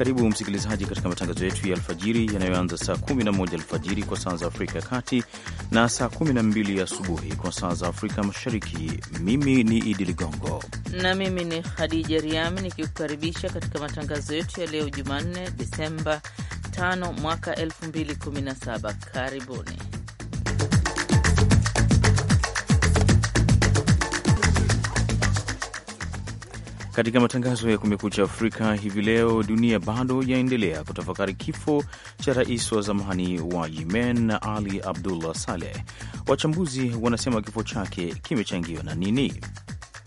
Karibu msikilizaji katika matangazo yetu ya alfajiri yanayoanza saa 11 alfajiri kwa saa za Afrika ya Kati na saa 12 asubuhi kwa saa za Afrika Mashariki. Mimi ni Idi Ligongo na mimi ni Khadija Riami nikikukaribisha katika matangazo yetu ya leo Jumanne, Disemba 5 mwaka 2017. Karibuni. Katika matangazo ya Kumekucha Afrika hivi leo, dunia bado yaendelea kutafakari kifo cha rais wa zamani wa Yemen Ali Abdullah Saleh. Wachambuzi wanasema kifo chake kimechangiwa na nini?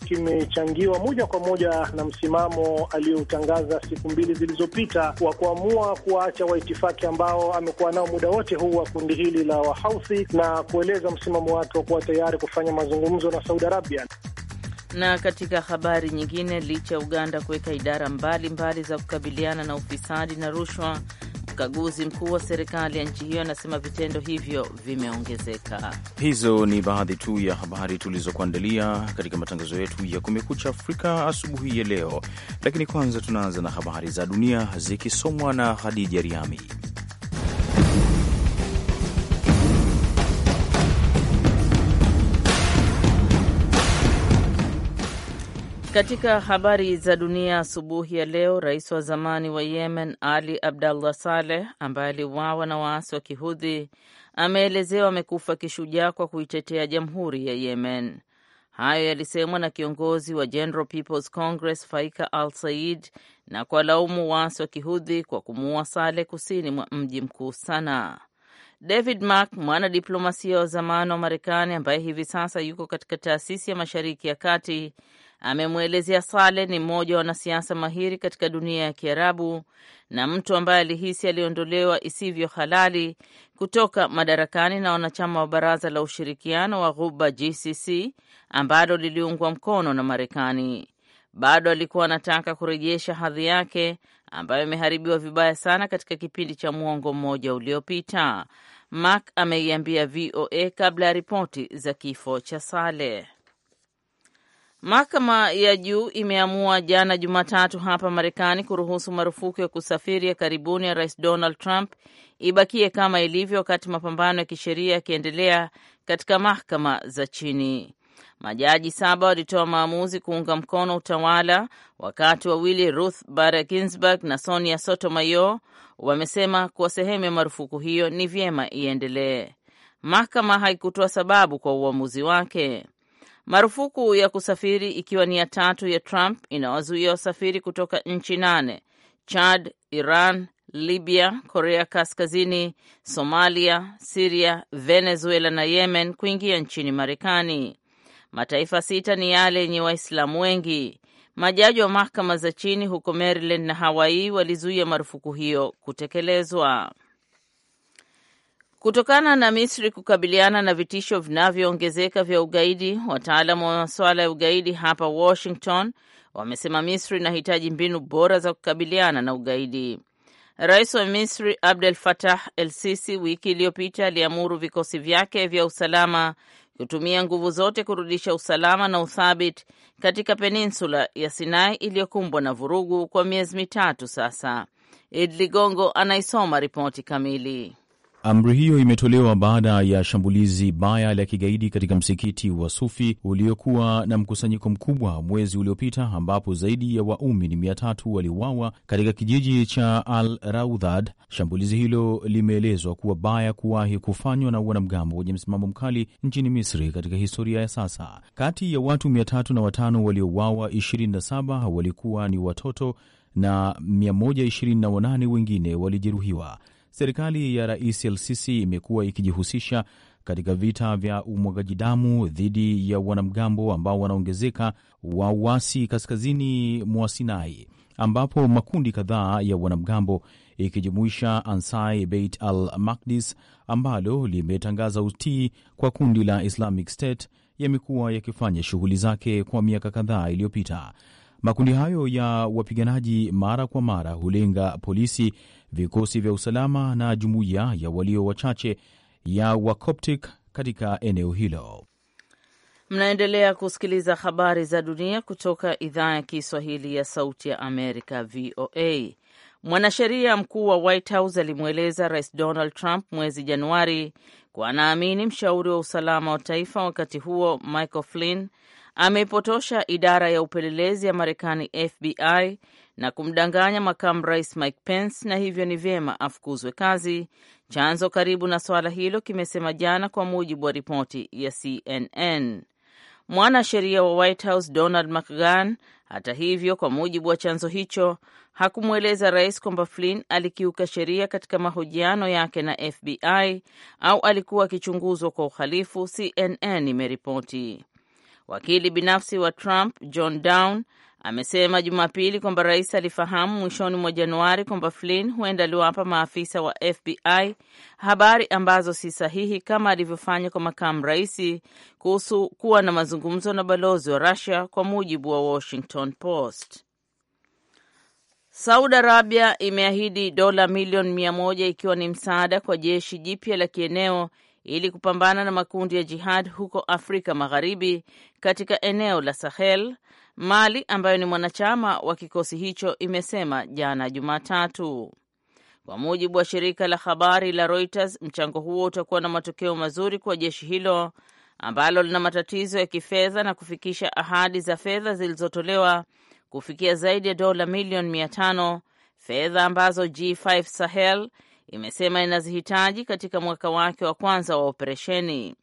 kimechangiwa moja kwa moja na msimamo aliyoutangaza siku mbili zilizopita wa kuamua kuwaacha waitifaki ambao amekuwa nao muda wote huu wa kundi hili la Wahausi na kueleza msimamo wake wa kuwa tayari kufanya mazungumzo na Saudi Arabia. Na katika habari nyingine, licha ya Uganda kuweka idara mbalimbali mbali za kukabiliana na ufisadi na rushwa, mkaguzi mkuu wa serikali ya nchi hiyo anasema vitendo hivyo vimeongezeka. Hizo ni baadhi tu ya habari tulizokuandalia katika matangazo yetu ya Kumekucha Afrika asubuhi ya leo, lakini kwanza tunaanza na habari za dunia zikisomwa na Hadija Riami. Katika habari za dunia asubuhi ya leo, rais wa zamani wa Yemen Ali Abdallah Saleh ambaye aliuawa na waasi wa Kihudhi ameelezewa amekufa kishujaa kwa kuitetea jamhuri ya Yemen. Hayo yalisemwa na kiongozi wa General People's Congress Faika Al Said na kuwalaumu waasi wa Kihudhi kwa kumuua Saleh kusini mwa mji mkuu sana David Mark, mwanadiplomasia wa zamani wa Marekani ambaye hivi sasa yuko katika taasisi ya Mashariki ya Kati, amemwelezea Saleh ni mmoja wa wanasiasa mahiri katika dunia ya Kiarabu na mtu ambaye alihisi aliondolewa isivyo halali kutoka madarakani na wanachama wa Baraza la Ushirikiano wa Ghuba GCC ambalo liliungwa mkono na Marekani. Bado alikuwa anataka kurejesha hadhi yake ambayo imeharibiwa vibaya sana katika kipindi cha mwongo mmoja uliopita. Mark ameiambia VOA kabla ya ripoti za kifo cha Saleh. Mahakama ya juu imeamua jana Jumatatu hapa Marekani kuruhusu marufuku ya kusafiri ya karibuni ya Rais Donald Trump ibakie kama ilivyo, wakati mapambano ya kisheria yakiendelea katika mahakama za chini. Majaji saba walitoa maamuzi kuunga mkono utawala, wakati wawili Ruth Bader Ginsburg na Sonia Sotomayor wamesema kuwa sehemu ya marufuku hiyo ni vyema iendelee. Mahakama haikutoa sababu kwa uamuzi wake. Marufuku ya kusafiri ikiwa ni ya tatu ya Trump inawazuia wasafiri kutoka nchi nane: Chad, Iran, Libya, Korea Kaskazini, Somalia, Siria, Venezuela na Yemen kuingia nchini Marekani. Mataifa sita ni yale yenye Waislamu wengi. Majaji wa mahakama za chini huko Maryland na Hawaii walizuia marufuku hiyo kutekelezwa kutokana na Misri kukabiliana na vitisho vinavyoongezeka vya ugaidi. Wataalamu wa masuala ya ugaidi hapa Washington wamesema Misri inahitaji mbinu bora za kukabiliana na ugaidi. Rais wa Misri Abdel Fattah El Sisi wiki iliyopita aliamuru vikosi vyake vya usalama kutumia nguvu zote kurudisha usalama na uthabiti katika peninsula ya Sinai iliyokumbwa na vurugu kwa miezi mitatu sasa. Id Ligongo anaisoma ripoti kamili. Amri hiyo imetolewa baada ya shambulizi baya la kigaidi katika msikiti wa Sufi uliokuwa na mkusanyiko mkubwa mwezi uliopita, ambapo zaidi ya waumini mia tatu waliuawa katika kijiji cha Al Raudhad. Shambulizi hilo limeelezwa kuwa baya kuwahi kufanywa na wanamgambo wenye msimamo mkali nchini Misri katika historia ya sasa. Kati ya watu mia tatu na watano waliouawa, 27 walikuwa ni watoto na 128 wengine walijeruhiwa. Serikali ya Rais el imekuwa ikijihusisha katika vita vya umwagaji damu dhidi ya wanamgambo ambao wanaongezeka wa uasi kaskazini mwa Sinai, ambapo makundi kadhaa ya wanamgambo ikijumuisha Ansai Beit al Makdis ambalo limetangaza utii kwa kundi la Islamic State yamekuwa yakifanya shughuli zake kwa miaka kadhaa iliyopita. Makundi hayo ya wapiganaji mara kwa mara hulenga polisi vikosi vya usalama na jumuiya ya walio wachache ya wacoptic katika eneo hilo. Mnaendelea kusikiliza habari za dunia kutoka idhaa ya Kiswahili ya Sauti ya Amerika, VOA. Mwanasheria mkuu wa White House alimweleza Rais Donald Trump mwezi Januari kwa anaamini mshauri wa usalama wa taifa wakati huo Michael Flynn amepotosha idara ya upelelezi ya Marekani, FBI, na kumdanganya makamu rais Mike Pence na hivyo ni vyema afukuzwe kazi. Chanzo karibu na suala hilo kimesema jana, kwa mujibu wa ripoti ya CNN. Mwanasheria wa White House Donald McGahn, hata hivyo, kwa mujibu wa chanzo hicho, hakumweleza rais kwamba Flynn alikiuka sheria katika mahojiano yake na FBI au alikuwa akichunguzwa kwa uhalifu, CNN imeripoti. Wakili binafsi wa Trump John Down amesema Jumapili kwamba rais alifahamu mwishoni mwa Januari kwamba Flynn huenda aliwapa maafisa wa FBI habari ambazo si sahihi kama alivyofanya kwa makamu rais kuhusu kuwa na mazungumzo na balozi wa Russia, kwa mujibu wa Washington Post. Saudi Arabia imeahidi dola milioni mia moja ikiwa ni msaada kwa jeshi jipya la kieneo ili kupambana na makundi ya jihad huko Afrika Magharibi katika eneo la Sahel Mali ambayo ni mwanachama wa kikosi hicho imesema jana Jumatatu. Kwa mujibu wa shirika la habari la Reuters, mchango huo utakuwa na matokeo mazuri kwa jeshi hilo ambalo lina matatizo ya kifedha na kufikisha ahadi za fedha zilizotolewa kufikia zaidi ya dola milioni mia tano, fedha ambazo G5 Sahel imesema inazihitaji katika mwaka wake wa kwanza wa operesheni.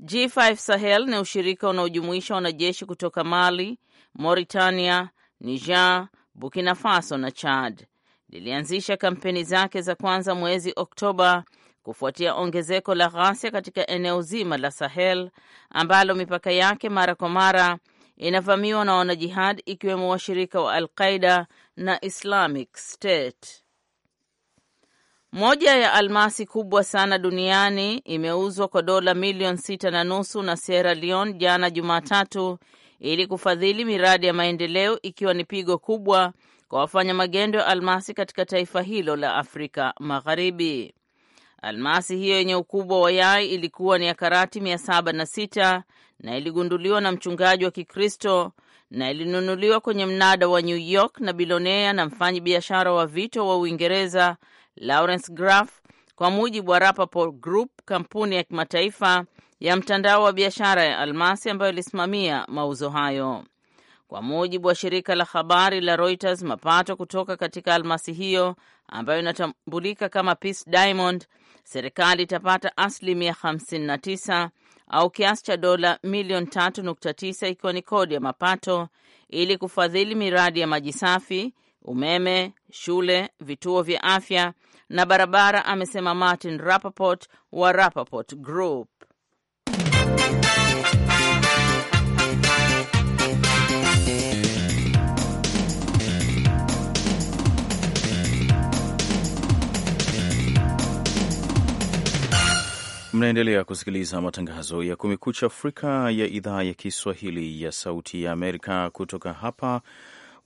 G5 Sahel ni ushirika unaojumuisha wanajeshi kutoka Mali, Mauritania, Niger, Burkina Faso na Chad. Lilianzisha kampeni zake za kwanza mwezi Oktoba kufuatia ongezeko la ghasia katika eneo zima la Sahel ambalo mipaka yake mara kwa mara inavamiwa na wanajihad ikiwemo washirika wa Al-Qaida na Islamic State. Moja ya almasi kubwa sana duniani imeuzwa kwa dola milioni sita na nusu na Sierra Leone jana Jumatatu ili kufadhili miradi ya maendeleo, ikiwa ni pigo kubwa kwa wafanya magendo ya almasi katika taifa hilo la Afrika Magharibi. Almasi hiyo yenye ukubwa wa yai ilikuwa ni ya karati 706 na iligunduliwa na mchungaji wa Kikristo na ilinunuliwa kwenye mnada wa New York na bilonea na mfanyi biashara wa vito wa Uingereza Lawrence Graff, kwa mujibu wa Rapaport Group, kampuni ya kimataifa ya mtandao wa biashara ya almasi ambayo ilisimamia mauzo hayo. Kwa mujibu wa shirika la habari la Reuters, mapato kutoka katika almasi hiyo ambayo inatambulika kama Peace Diamond, serikali itapata asilimia 59 au kiasi cha dola milioni 3.9 ikiwa ni kodi ya mapato ili kufadhili miradi ya maji safi, umeme, shule, vituo vya afya na barabara, amesema Martin Rappaport wa Rappaport Group. Mnaendelea kusikiliza matangazo ya Kumekucha Afrika ya idhaa ya Kiswahili ya Sauti ya Amerika kutoka hapa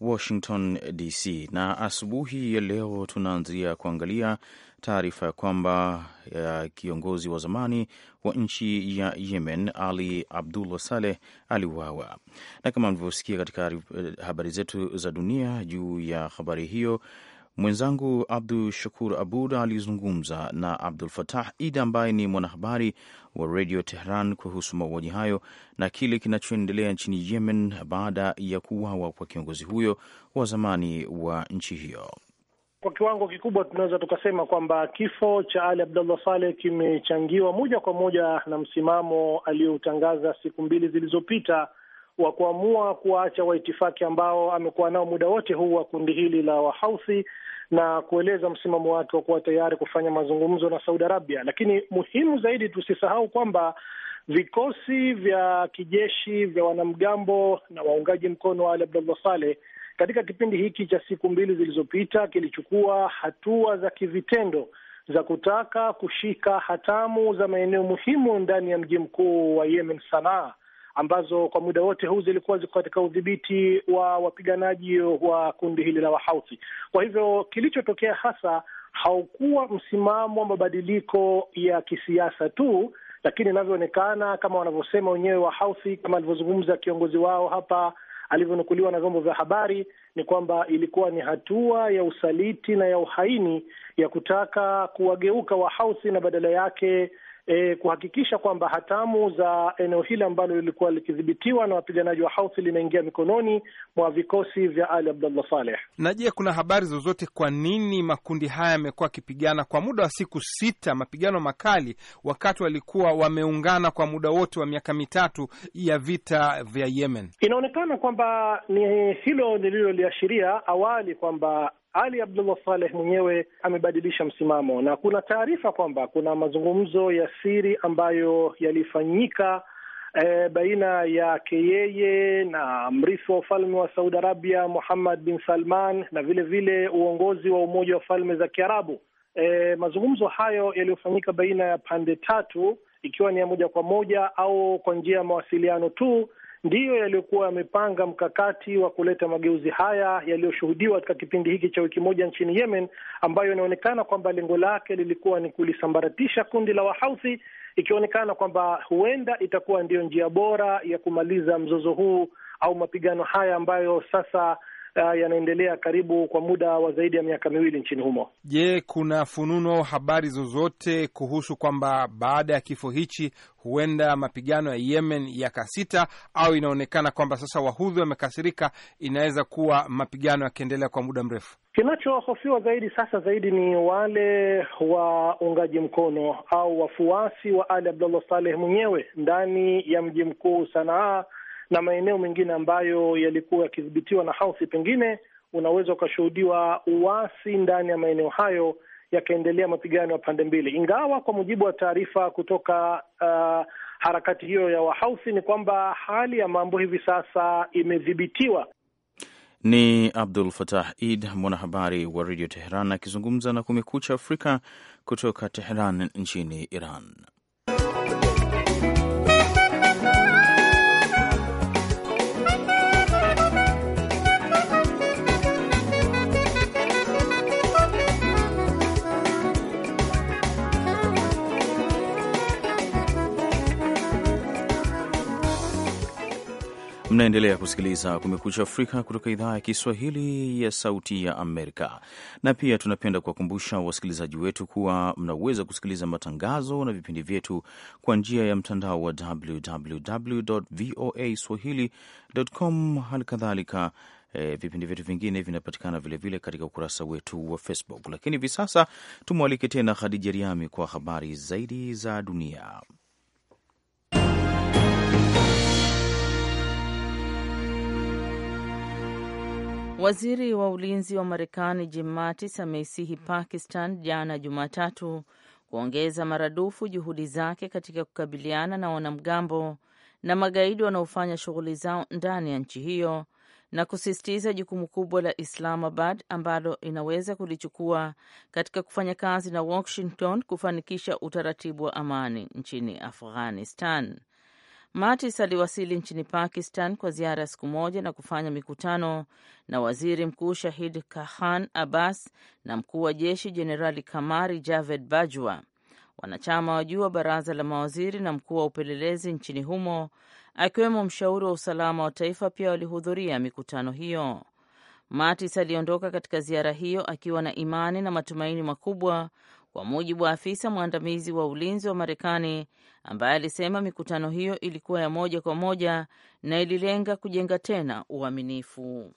Washington DC, na asubuhi ya leo tunaanzia kuangalia taarifa ya kwamba kiongozi wa zamani wa nchi ya Yemen Ali Abdullah Saleh aliuawa, na kama mlivyosikia katika habari zetu za dunia juu ya habari hiyo Mwenzangu Abdu Shakur Abud alizungumza na Abdul Fatah Ida ambaye ni mwanahabari wa redio Tehran kuhusu mauaji hayo na kile kinachoendelea nchini Yemen baada ya kuuawa kwa kiongozi huyo wa zamani wa nchi hiyo. Kwa kiwango kikubwa tunaweza tukasema kwamba kifo cha Ali Abdullah Saleh kimechangiwa moja kwa moja na msimamo aliyoutangaza siku mbili zilizopita wa kuamua kuwaacha waitifaki ambao amekuwa nao muda wote huu wa kundi hili la Wahauthi na kueleza msimamo wake wa kuwa tayari kufanya mazungumzo na Saudi Arabia. Lakini muhimu zaidi, tusisahau kwamba vikosi vya kijeshi vya wanamgambo na waungaji mkono wa Ali Abdullah Saleh katika kipindi hiki cha siku mbili zilizopita kilichukua hatua za kivitendo za kutaka kushika hatamu za maeneo muhimu ndani ya mji mkuu wa Yemen, Sanaa, ambazo kwa muda wote huu zilikuwa ziko katika udhibiti wa wapiganaji wa kundi hili la Wahausi. Kwa hivyo kilichotokea hasa haukuwa msimamo wa mabadiliko ya kisiasa tu, lakini inavyoonekana kama wanavyosema wenyewe Hausi, kama alivyozungumza kiongozi wao hapa alivyonukuliwa na vyombo vya habari ni kwamba ilikuwa ni hatua ya usaliti na ya uhaini ya kutaka kuwageuka Hausi na badala yake e, kuhakikisha kwamba hatamu za eneo hili ambalo lilikuwa likidhibitiwa na wapiganaji wa Houthi limeingia mikononi mwa vikosi vya Ali Abdullah Saleh. Na je, kuna habari zozote kwa nini makundi haya yamekuwa yakipigana kwa muda wa siku sita, mapigano makali, wakati walikuwa wameungana kwa muda wote wa miaka mitatu ya vita vya Yemen? Inaonekana kwamba ni hilo nililoliashiria awali kwamba ali Abdullah Saleh mwenyewe amebadilisha msimamo, na kuna taarifa kwamba kuna mazungumzo ya siri ambayo yalifanyika E, baina yake yeye na mrithi wa ufalme wa Saudi Arabia Muhammad bin Salman na vile vile uongozi wa Umoja wa Falme za Kiarabu. E, mazungumzo hayo yaliyofanyika baina ya pande tatu, ikiwa ni ya moja kwa moja au kwa njia ya mawasiliano tu, ndiyo yaliyokuwa yamepanga mkakati wa kuleta mageuzi haya yaliyoshuhudiwa katika kipindi hiki cha wiki moja nchini Yemen, ambayo inaonekana kwamba lengo lake lilikuwa ni kulisambaratisha kundi la Wahauthi, ikionekana kwamba huenda itakuwa ndiyo njia bora ya kumaliza mzozo huu au mapigano haya ambayo sasa uh, yanaendelea karibu kwa muda wa zaidi ya miaka miwili nchini humo. Je, kuna fununu au habari zozote kuhusu kwamba baada ya kifo hichi huenda mapigano ya Yemen yakasita, au inaonekana kwamba sasa wahudhi wamekasirika, inaweza kuwa mapigano yakiendelea kwa muda mrefu? Kinachohofiwa zaidi sasa zaidi ni wale waungaji mkono au wafuasi wa Ali Abdullah Saleh mwenyewe ndani ya mji mkuu Sanaa na maeneo mengine ambayo yalikuwa yakidhibitiwa na Hausi, pengine unaweza ukashuhudiwa uasi ndani ya maeneo hayo yakaendelea mapigano ya pande mbili, ingawa kwa mujibu wa taarifa kutoka uh, harakati hiyo ya Wahausi ni kwamba hali ya mambo hivi sasa imedhibitiwa. Ni Abdul Fatah Id, mwanahabari wa redio Teheran, akizungumza na Kumekucha Afrika kutoka Teheran nchini Iran. Mnaendelea kusikiliza Kumekucha Afrika kutoka idhaa ya Kiswahili ya Sauti ya Amerika. Na pia tunapenda kuwakumbusha wasikilizaji wetu kuwa mnaweza kusikiliza matangazo na vipindi vyetu kwa njia ya mtandao wa www voa swahili.com. Hali kadhalika e, vipindi vyetu vingine vinapatikana vilevile katika ukurasa wetu wa Facebook. Lakini hivi sasa tumwalike tena Khadija Riami kwa habari zaidi za dunia. Waziri wa ulinzi wa Marekani Jim Mattis ameisihi Pakistan jana Jumatatu kuongeza maradufu juhudi zake katika kukabiliana na wanamgambo na magaidi wanaofanya shughuli zao ndani ya nchi hiyo na kusisitiza jukumu kubwa la Islamabad ambalo inaweza kulichukua katika kufanya kazi na Washington kufanikisha utaratibu wa amani nchini Afghanistan. Mattis aliwasili nchini Pakistan kwa ziara ya siku moja na kufanya mikutano na waziri mkuu Shahid Kahan Abbas na mkuu wa jeshi Jenerali Kamari Javed Bajwa. Wanachama wa juu wa baraza la mawaziri na mkuu wa upelelezi nchini humo akiwemo mshauri wa usalama wa taifa pia walihudhuria mikutano hiyo. Mattis aliondoka katika ziara hiyo akiwa na imani na matumaini makubwa kwa mujibu wa afisa mwandamizi wa ulinzi wa Marekani ambaye alisema mikutano hiyo ilikuwa ya moja kwa moja na ililenga kujenga tena uaminifu.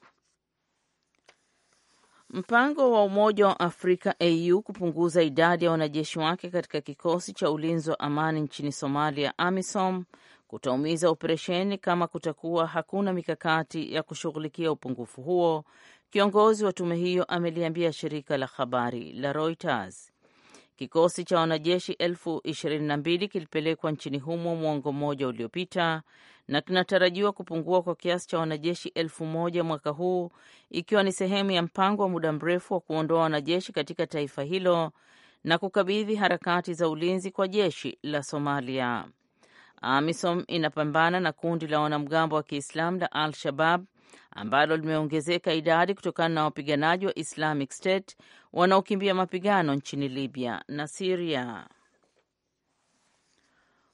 Mpango wa Umoja wa Afrika AU kupunguza idadi ya wanajeshi wake katika kikosi cha ulinzi wa amani nchini Somalia, AMISOM, kutaumiza operesheni kama kutakuwa hakuna mikakati ya kushughulikia upungufu huo, kiongozi wa tume hiyo ameliambia shirika la habari la Reuters. Kikosi cha wanajeshi elfu ishirini na mbili kilipelekwa nchini humo mwongo mmoja uliopita na kinatarajiwa kupungua kwa kiasi cha wanajeshi elfu moja mwaka huu ikiwa ni sehemu ya mpango wa muda mrefu wa kuondoa wanajeshi katika taifa hilo na kukabidhi harakati za ulinzi kwa jeshi la Somalia. AMISOM inapambana na kundi la wanamgambo wa Kiislamu la Al-Shabab ambalo limeongezeka idadi kutokana na wapiganaji wa Islamic State wanaokimbia mapigano nchini Libya na Siria.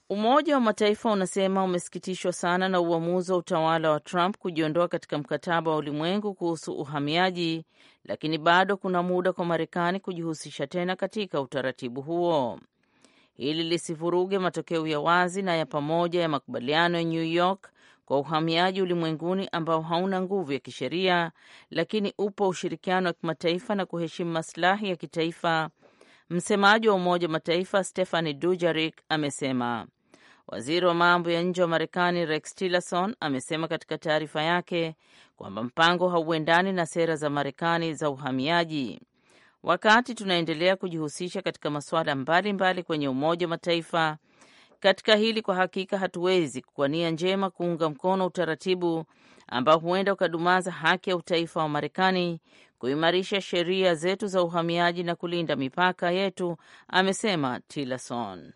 Umoja wa Mataifa unasema umesikitishwa sana na uamuzi wa utawala wa Trump kujiondoa katika mkataba wa ulimwengu kuhusu uhamiaji, lakini bado kuna muda kwa Marekani kujihusisha tena katika utaratibu huo ili lisivuruge matokeo ya wazi na ya pamoja ya makubaliano ya New York kwa uhamiaji ulimwenguni ambao hauna nguvu ya kisheria, lakini upo ushirikiano wa kimataifa na kuheshimu masilahi ya kitaifa. Msemaji wa Umoja wa Mataifa Stephane dujarik amesema. Waziri wa mambo ya nje wa Marekani Rex Tillerson amesema katika taarifa yake kwamba mpango hauendani na sera za Marekani za uhamiaji. Wakati tunaendelea kujihusisha katika masuala mbalimbali kwenye Umoja wa Mataifa, katika hili kwa hakika hatuwezi kwa nia njema kuunga mkono utaratibu ambao huenda ukadumaza haki ya utaifa wa Marekani kuimarisha sheria zetu za uhamiaji na kulinda mipaka yetu, amesema Tillerson.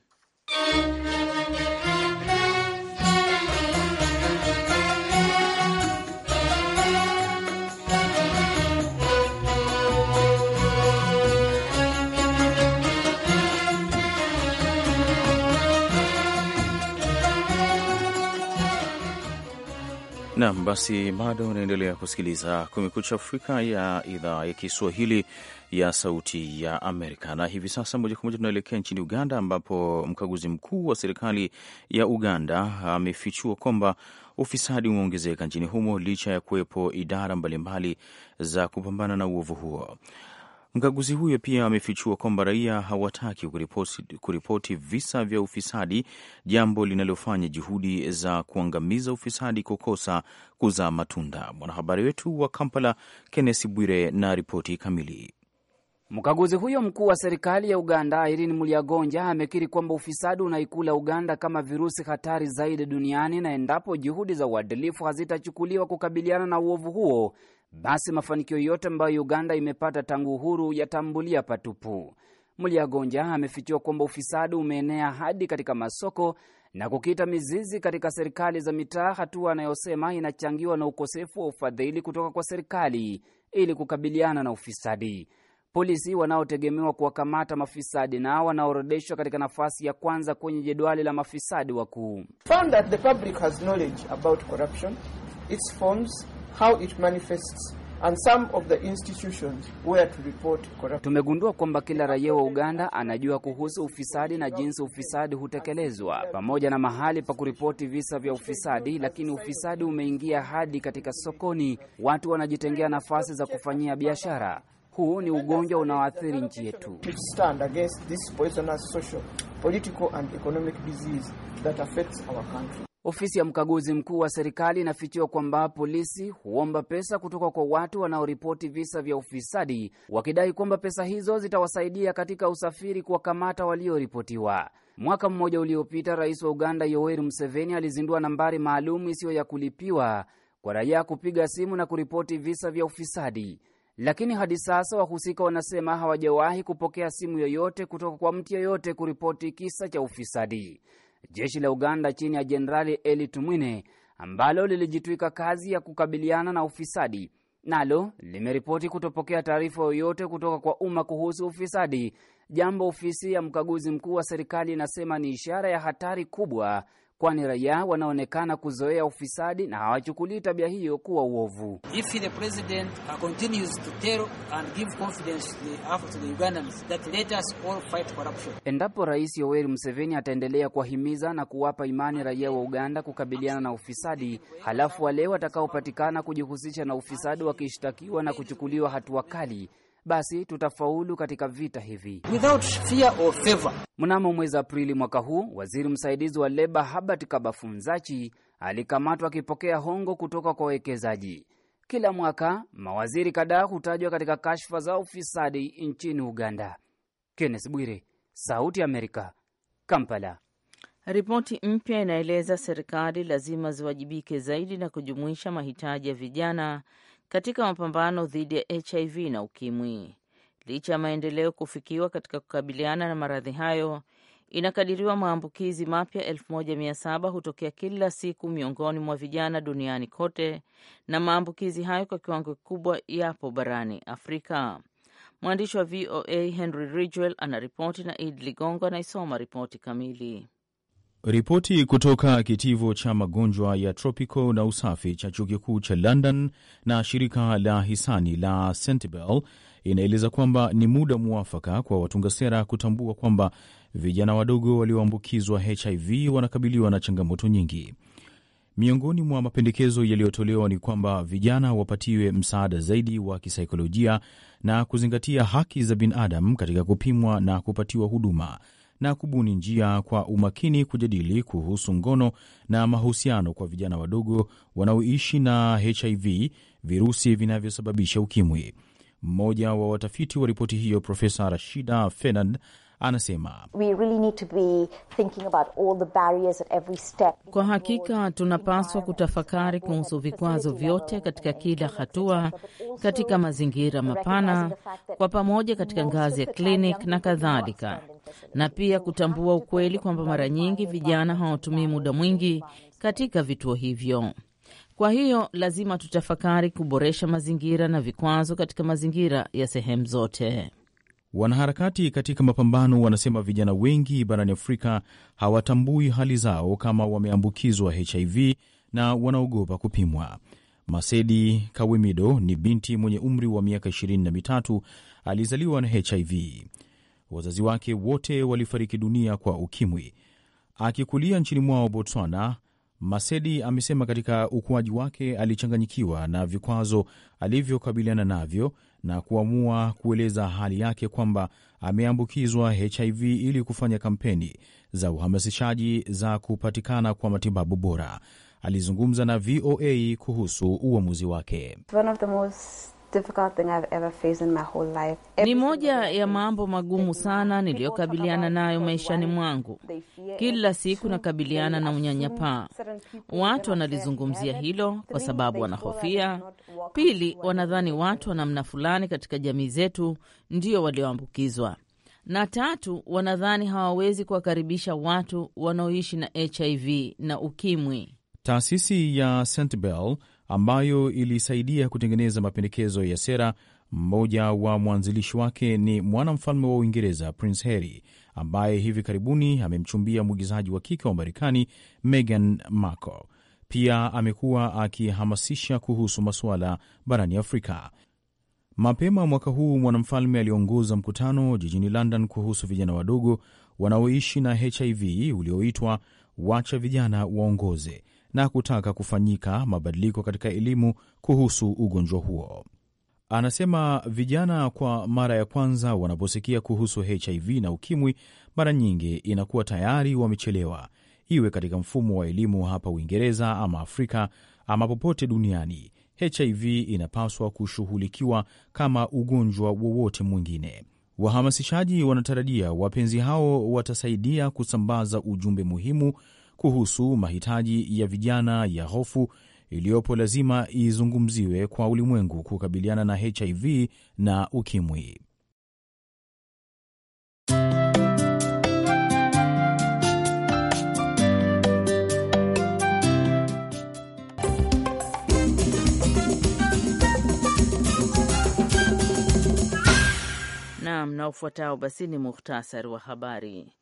Nam, basi bado unaendelea kusikiliza Kumekucha Afrika ya idhaa ya Kiswahili ya Sauti ya Amerika, na hivi sasa moja kwa moja tunaelekea nchini Uganda, ambapo mkaguzi mkuu wa serikali ya Uganda amefichua kwamba ufisadi umeongezeka nchini humo licha ya kuwepo idara mbalimbali za kupambana na uovu huo. Mkaguzi huyo pia amefichua kwamba raia hawataki kuripoti, kuripoti visa vya ufisadi, jambo linalofanya juhudi za kuangamiza ufisadi kukosa kuzaa matunda. Mwanahabari wetu wa Kampala, kennesi Bwire, na ripoti kamili. Mkaguzi huyo mkuu wa serikali ya Uganda Irene Mulyagonja amekiri kwamba ufisadi unaikula Uganda kama virusi hatari zaidi duniani, na endapo juhudi za uadilifu hazitachukuliwa kukabiliana na uovu huo, basi mafanikio yote ambayo Uganda imepata tangu uhuru yatambulia patupu. mliagonja amefichua kwamba ufisadi umeenea hadi katika masoko na kukita mizizi katika serikali za mitaa, hatua anayosema inachangiwa na ukosefu wa ufadhili kutoka kwa serikali ili kukabiliana na ufisadi. Polisi wanaotegemewa kuwakamata mafisadi nao wanaorodeshwa katika nafasi ya kwanza kwenye jedwali la mafisadi wakuu how it manifests and some of the institutions where to report corruption. Tumegundua kwamba kila raia wa Uganda anajua kuhusu ufisadi na jinsi ufisadi hutekelezwa pamoja na mahali pa kuripoti visa vya ufisadi, lakini ufisadi umeingia hadi katika sokoni. Watu wanajitengea nafasi za kufanyia biashara. Huu ni ugonjwa unaoathiri nchi yetu. Stand against this poisonous social, political and economic disease That affects our country. Ofisi ya mkaguzi mkuu wa serikali inafichua kwamba polisi huomba pesa kutoka kwa watu wanaoripoti visa vya ufisadi, wakidai kwamba pesa hizo zitawasaidia katika usafiri kuwakamata walioripotiwa. Mwaka mmoja uliopita, rais wa Uganda Yoweri Museveni alizindua nambari maalum isiyo ya kulipiwa kwa raia kupiga simu na kuripoti visa vya ufisadi, lakini hadi sasa wahusika wanasema hawajawahi kupokea simu yoyote kutoka kwa mtu yoyote kuripoti kisa cha ufisadi jeshi la Uganda chini ya Jenerali Eli Tumwine ambalo lilijitwika kazi ya kukabiliana na ufisadi nalo limeripoti kutopokea taarifa yoyote kutoka kwa umma kuhusu ufisadi, jambo ofisi ya mkaguzi mkuu wa serikali inasema ni ishara ya hatari kubwa kwani raia wanaonekana kuzoea ufisadi na hawachukulii tabia hiyo kuwa uovu. Endapo Rais Yoweri Museveni ataendelea kuwahimiza na kuwapa imani raia wa Uganda kukabiliana na ufisadi, halafu wale watakaopatikana kujihusisha na ufisadi wakishtakiwa na kuchukuliwa hatua kali basi tutafaulu katika vita hivi. Mnamo mwezi Aprili mwaka huu, waziri msaidizi wa leba Habert Kabafunzachi alikamatwa akipokea hongo kutoka kwa wawekezaji. Kila mwaka mawaziri kadhaa hutajwa katika kashfa za ufisadi nchini Uganda. Kenneth Bwire, Sauti Amerika, Kampala. Ripoti mpya inaeleza serikali lazima ziwajibike zaidi na kujumuisha mahitaji ya vijana katika mapambano dhidi ya HIV na ukimwi. Licha ya maendeleo kufikiwa katika kukabiliana na maradhi hayo, inakadiriwa maambukizi mapya 1700 hutokea kila siku miongoni mwa vijana duniani kote, na maambukizi hayo kwa kiwango kikubwa yapo barani Afrika. Mwandishi wa VOA Henry Ridgwell anaripoti na Id Ligongo anaisoma ripoti kamili. Ripoti kutoka kitivo cha magonjwa ya tropico na usafi cha chuo kikuu cha London na shirika la hisani la sntbel inaeleza kwamba ni muda mwafaka kwa watunga sera kutambua kwamba vijana wadogo walioambukizwa HIV wanakabiliwa na changamoto nyingi. Miongoni mwa mapendekezo yaliyotolewa ni kwamba vijana wapatiwe msaada zaidi wa kisaikolojia na kuzingatia haki za binadamu katika kupimwa na kupatiwa huduma na kubuni njia kwa umakini kujadili kuhusu ngono na mahusiano kwa vijana wadogo wanaoishi na HIV, virusi vinavyosababisha ukimwi. Mmoja wa watafiti wa ripoti hiyo Profesa Rashida fenand Anasema really kwa hakika tunapaswa kutafakari kuhusu vikwazo vyote katika kila hatua, katika mazingira mapana, kwa pamoja, katika ngazi ya clinic na kadhalika, na pia kutambua ukweli kwamba mara nyingi vijana hawatumii muda mwingi katika vituo hivyo. Kwa hiyo lazima tutafakari kuboresha mazingira na vikwazo katika mazingira ya sehemu zote. Wanaharakati katika mapambano wanasema vijana wengi barani Afrika hawatambui hali zao kama wameambukizwa HIV na wanaogopa kupimwa. Masedi Kawemido ni binti mwenye umri wa miaka ishirini na mitatu, alizaliwa na HIV. Wazazi wake wote walifariki dunia kwa ukimwi. Akikulia nchini mwao Botswana, Masedi amesema katika ukuaji wake alichanganyikiwa na vikwazo alivyokabiliana navyo na kuamua kueleza hali yake kwamba ameambukizwa HIV ili kufanya kampeni za uhamasishaji za kupatikana kwa matibabu bora. Alizungumza na VOA kuhusu uamuzi wake. One of the most ni moja ya mambo magumu sana niliyokabiliana nayo maishani mwangu. Kila siku nakabiliana na unyanyapaa. Watu wanalizungumzia hilo kwa sababu wanahofia. Pili, wanadhani watu wa namna fulani katika jamii zetu ndio walioambukizwa, na tatu, wanadhani hawawezi kuwakaribisha watu wanaoishi na HIV na ukimwi. Taasisi ya St ambayo ilisaidia kutengeneza mapendekezo ya sera. Mmoja wa mwanzilishi wake ni mwanamfalme wa Uingereza Prince Harry, ambaye hivi karibuni amemchumbia mwigizaji wa kike wa Marekani Meghan Markle. Pia amekuwa akihamasisha kuhusu masuala barani Afrika. Mapema mwaka huu mwanamfalme aliongoza mkutano jijini London kuhusu vijana wadogo wanaoishi na HIV ulioitwa wacha vijana waongoze, na kutaka kufanyika mabadiliko katika elimu kuhusu ugonjwa huo. Anasema vijana kwa mara ya kwanza wanaposikia kuhusu HIV na ukimwi, mara nyingi inakuwa tayari wamechelewa, iwe katika mfumo wa elimu hapa Uingereza ama Afrika ama popote duniani. HIV inapaswa kushughulikiwa kama ugonjwa wowote mwingine. Wahamasishaji wanatarajia wapenzi hao watasaidia kusambaza ujumbe muhimu kuhusu mahitaji ya vijana ya hofu iliyopo lazima izungumziwe kwa ulimwengu kukabiliana na HIV na ukimwi. Naam, na ufuatao basi ni muhtasari wa habari.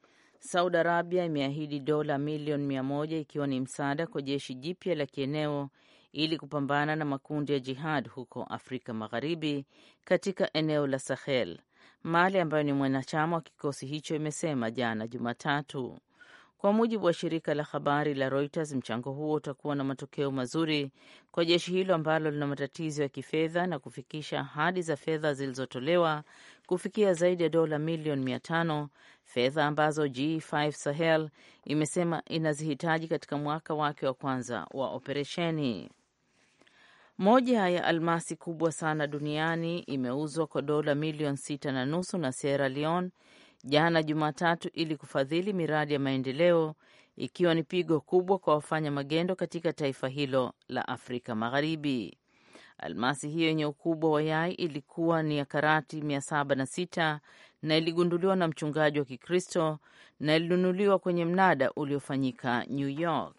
Saudi Arabia imeahidi dola milioni mia moja ikiwa ni msaada kwa jeshi jipya la kieneo ili kupambana na makundi ya jihad huko Afrika Magharibi katika eneo la Sahel. Mali ambayo ni mwanachama wa kikosi hicho imesema jana Jumatatu. Kwa mujibu wa shirika la habari la Reuters, mchango huo utakuwa na matokeo mazuri kwa jeshi hilo ambalo lina matatizo ya kifedha na kufikisha ahadi za fedha zilizotolewa kufikia zaidi ya dola milioni mia tano, fedha ambazo G5 Sahel imesema inazihitaji katika mwaka wake wa kwanza wa operesheni. Moja ya almasi kubwa sana duniani imeuzwa kwa dola milioni sita na nusu na Sierra Leone jana Jumatatu ili kufadhili miradi ya maendeleo, ikiwa ni pigo kubwa kwa wafanya magendo katika taifa hilo la Afrika Magharibi. Almasi hiyo yenye ukubwa wa yai ilikuwa ni ya karati 706 na iligunduliwa na mchungaji wa Kikristo na ilinunuliwa kwenye mnada uliofanyika New York.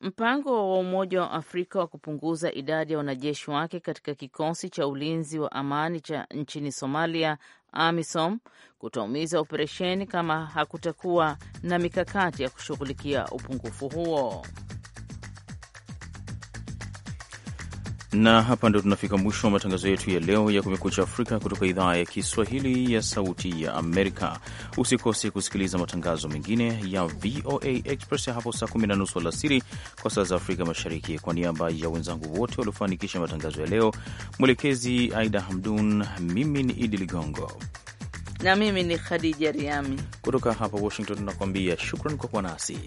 Mpango wa Umoja wa Afrika wa kupunguza idadi ya wanajeshi wake katika kikosi cha ulinzi wa amani cha nchini Somalia AMISOM kutaumiza operesheni kama hakutakuwa na mikakati ya kushughulikia upungufu huo. Na hapa ndo tunafika mwisho wa matangazo yetu ya leo ya Kumekucha Afrika kutoka idhaa ya Kiswahili ya Sauti ya Amerika. Usikose kusikiliza matangazo mengine ya VOA Express hapo saa kumi na nusu alasiri kwa saa za Afrika Mashariki. Kwa niaba ya wenzangu wote waliofanikisha matangazo ya leo, mwelekezi Aida Hamdun, mimi ni Idi Ligongo na mimi ni Khadija Riami kutoka hapa Washington, tunakuambia shukran kwa kuwa nasi.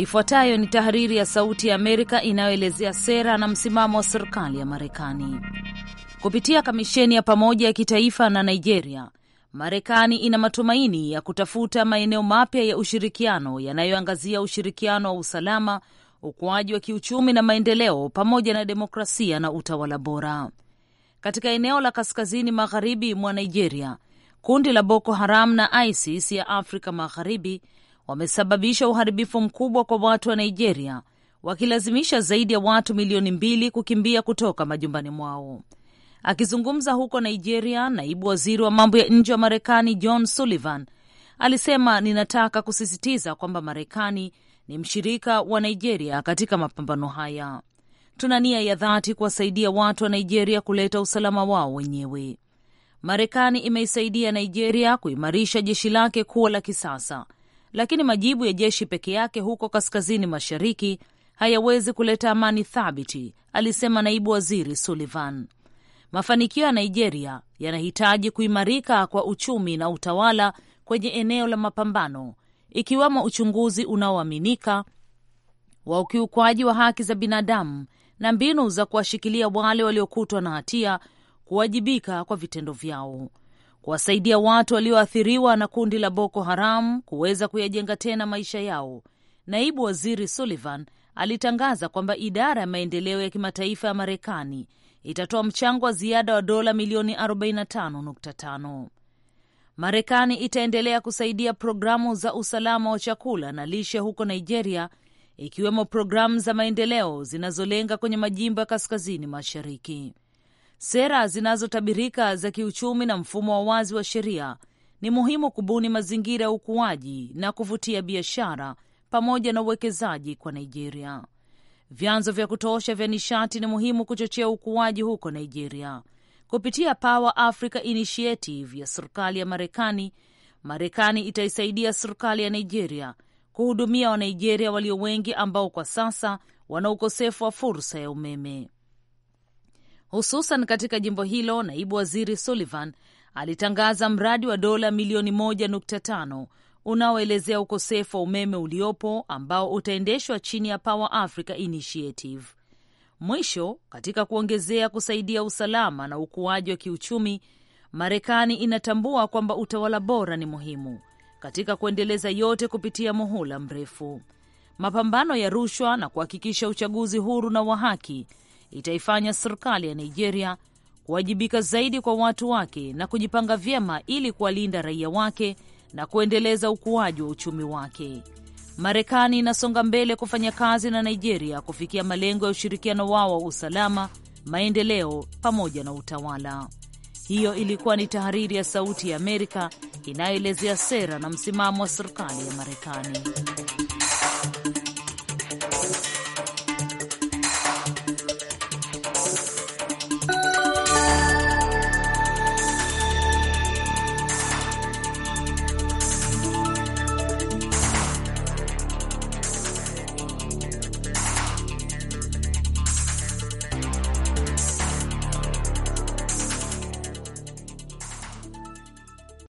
Ifuatayo ni tahariri ya Sauti ya Amerika inayoelezea sera na msimamo wa serikali ya Marekani. Kupitia kamisheni ya pamoja ya kitaifa na Nigeria, Marekani ina matumaini ya kutafuta maeneo mapya ya ushirikiano yanayoangazia ushirikiano wa usalama, ukuaji wa kiuchumi na maendeleo, pamoja na demokrasia na utawala bora. Katika eneo la kaskazini magharibi mwa Nigeria, kundi la Boko Haram na ISIS ya Afrika Magharibi wamesababisha uharibifu mkubwa kwa watu wa Nigeria, wakilazimisha zaidi ya watu milioni mbili kukimbia kutoka majumbani mwao. Akizungumza huko Nigeria, naibu waziri wa mambo ya nje wa Marekani John Sullivan alisema, ninataka kusisitiza kwamba Marekani ni mshirika wa Nigeria katika mapambano haya. Tuna nia ya dhati kuwasaidia watu wa Nigeria kuleta usalama wao wenyewe. Marekani imeisaidia Nigeria kuimarisha jeshi lake kuwa la kisasa lakini majibu ya jeshi peke yake huko kaskazini mashariki hayawezi kuleta amani thabiti, alisema naibu waziri Sullivan. Mafanikio ya Nigeria yanahitaji kuimarika kwa uchumi na utawala kwenye eneo la mapambano, ikiwemo uchunguzi unaoaminika wa ukiukwaji wa haki za binadamu na mbinu za kuwashikilia wale waliokutwa na hatia kuwajibika kwa vitendo vyao kuwasaidia watu walioathiriwa na kundi la Boko Haram kuweza kuyajenga tena maisha yao. Naibu Waziri Sullivan alitangaza kwamba idara ya maendeleo ya kimataifa ya Marekani itatoa mchango wa ziada wa dola milioni 45.5. Marekani itaendelea kusaidia programu za usalama wa chakula na lishe huko Nigeria, ikiwemo programu za maendeleo zinazolenga kwenye majimbo ya kaskazini mashariki. Sera zinazotabirika za kiuchumi na mfumo wa wazi wa sheria ni muhimu kubuni mazingira ya ukuaji na kuvutia biashara pamoja na uwekezaji kwa Nigeria. Vyanzo vya kutosha vya nishati ni muhimu kuchochea ukuaji huko Nigeria. Kupitia Power Africa Initiative ya serikali ya Marekani, Marekani itaisaidia serikali ya Nigeria kuhudumia Wanigeria walio wengi ambao kwa sasa wana ukosefu wa fursa ya umeme. Hususan katika jimbo hilo, naibu waziri Sullivan alitangaza mradi wa dola milioni 1.5 unaoelezea ukosefu wa umeme uliopo ambao utaendeshwa chini ya Power Africa Initiative. Mwisho, katika kuongezea kusaidia usalama na ukuaji wa kiuchumi, Marekani inatambua kwamba utawala bora ni muhimu katika kuendeleza yote kupitia muhula mrefu, mapambano ya rushwa na kuhakikisha uchaguzi huru na wa haki itaifanya serikali ya Nigeria kuwajibika zaidi kwa watu wake na kujipanga vyema ili kuwalinda raia wake na kuendeleza ukuaji wa uchumi wake. Marekani inasonga mbele kufanya kazi na Nigeria kufikia malengo ya ushirikiano wao wa usalama, maendeleo pamoja na utawala. Hiyo ilikuwa ni tahariri ya Sauti ya Amerika inayoelezea sera na msimamo wa serikali ya Marekani.